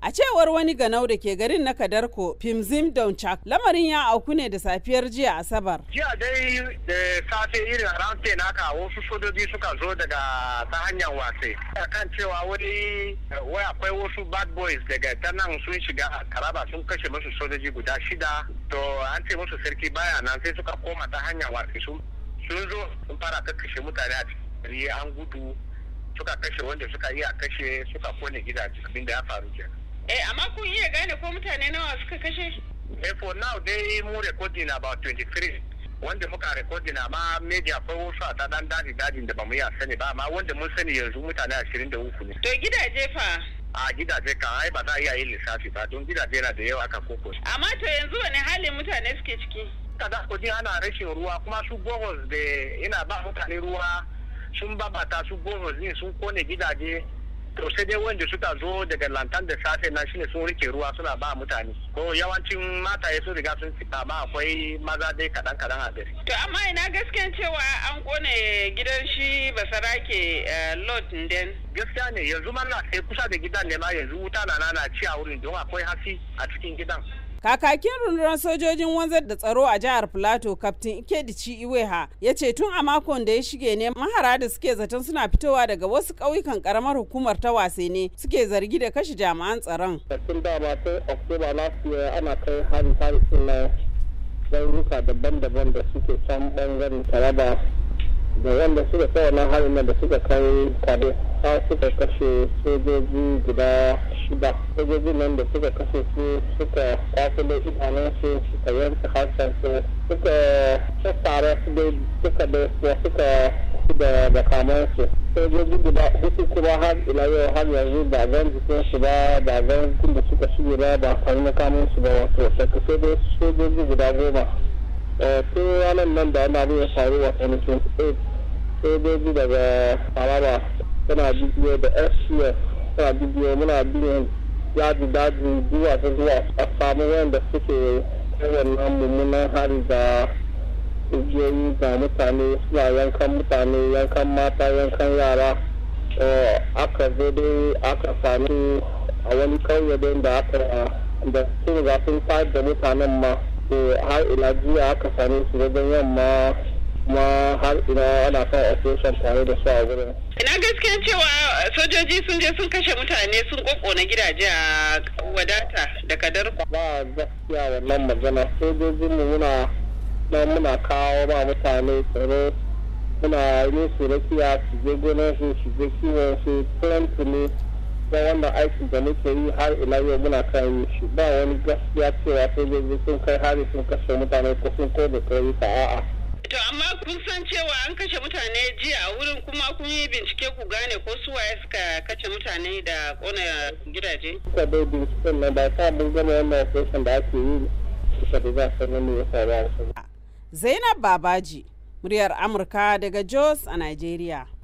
A cewar wani ganau da ke garin na Kadarko, Pimzim Donchak, lamarin ya auku ne da safiyar jiya Asabar. Jiya dai da safe irin around ten haka wasu sojoji suka zo daga ta hanyar wasai. kan cewa wani wai akwai wasu bad boys daga ta nan sun shiga karaba sun kashe musu sojoji guda shida. To an ce musu sarki baya nan sai suka koma ta hanyar wasai sun zo sun fara kakkashe mutane a cikin an gudu suka kashe wanda suka yi a kashe suka kone gidaje abin da ya faru kenan eh amma kun iya gane ko mutane nawa suka kashe eh for now dai mu recording about 23 wanda muka recording amma media ko wasu a dan daji dajin da bamu yi a sani ba amma wanda mun sani yanzu mutane 23 ne to gidaje fa a gidaje kan ai ba za a iya yin lissafi ba don gidaje na da yawa aka koko amma to yanzu wani halin mutane suke ciki kada kudin ana rashin ruwa kuma su bohos da ina ba mutane ruwa sun babata su goma ne sun kone gidaje to sai dai wanda suka zo daga lantan da safe na shine sun rike ruwa suna ba mutane ko yawancin mataye sun riga sun fita ba akwai maza dai kadan kadan a gari to amma ina gaskiyan cewa an kone gidan shi basarake eh, lot den gaskiya ne yanzu ma na kusa da gidan ne ma yanzu wuta na na ci a wurin don akwai hasi a cikin gidan Kakakin rundunar sojojin wanzar da tsaro a jihar Plateau, Kaftin Ikedici Iweha, ya ce tun a makon da ya shige ne mahara da suke zaton suna fitowa daga wasu ƙauyukan karamar hukumar ta wase ne suke zargi da kashe jami'an tsaron. Oktoba ana kai daban-daban da suke can tare da. da wanda suka sa wannan harin nan da suka kai kade har suka kashe sojoji guda shida sojoji nan da suka kashe su suka kwasile idanunsu suka yanka su suka sassara su dai duka da suka da su sojoji guda hudu kuma har ila yau har yanzu ba zan jikin su ba ba zan kun da suka shi ba ba kwanu makamin su ba wato saka sojoji guda goma. Tun eh, ranar nan da wani abu ya faru wa 2028 eh, sojoji daga Taraba suna bibiyo da FCF suna bibiyo muna biyan yadi daji zuwa ta zuwa a samu wanda suke wannan mummunan hari da igiyoyi ga mutane suna yankan mutane yankan mata yankan yara aka zo dai aka sami a wani kauye dai da aka da sun ga sun da mutanen ma har ila jiya aka sami su wajen yamma kuma har ina ana sa operation tare da su a wurin. Ina gaskiya cewa sojoji sun je sun kashe mutane sun kokona gidaje a wadata da ku. Ba gaskiya wannan magana sojojin mu muna na muna kawo ba mutane tsaro muna yi su rakiya su je gonar su su je kiwon su plenty ne da wannan aikin da muke yi har ina yau muna kan yi shi ba wani gaskiya cewa sojoji sun kai hari sun kashe mutane ko sun kai da kai a'a. amma kun san cewa an kashe mutane jiya a wurin kuma kun yi bincike ku gane ko su waye suka kashe mutane da kona gidaje. Kuka dai binciken na ba sa mun gane wannan session da ake yi suka da za su ne ya faru a Zainab Babaji, muryar Amurka daga Jos a Najeriya.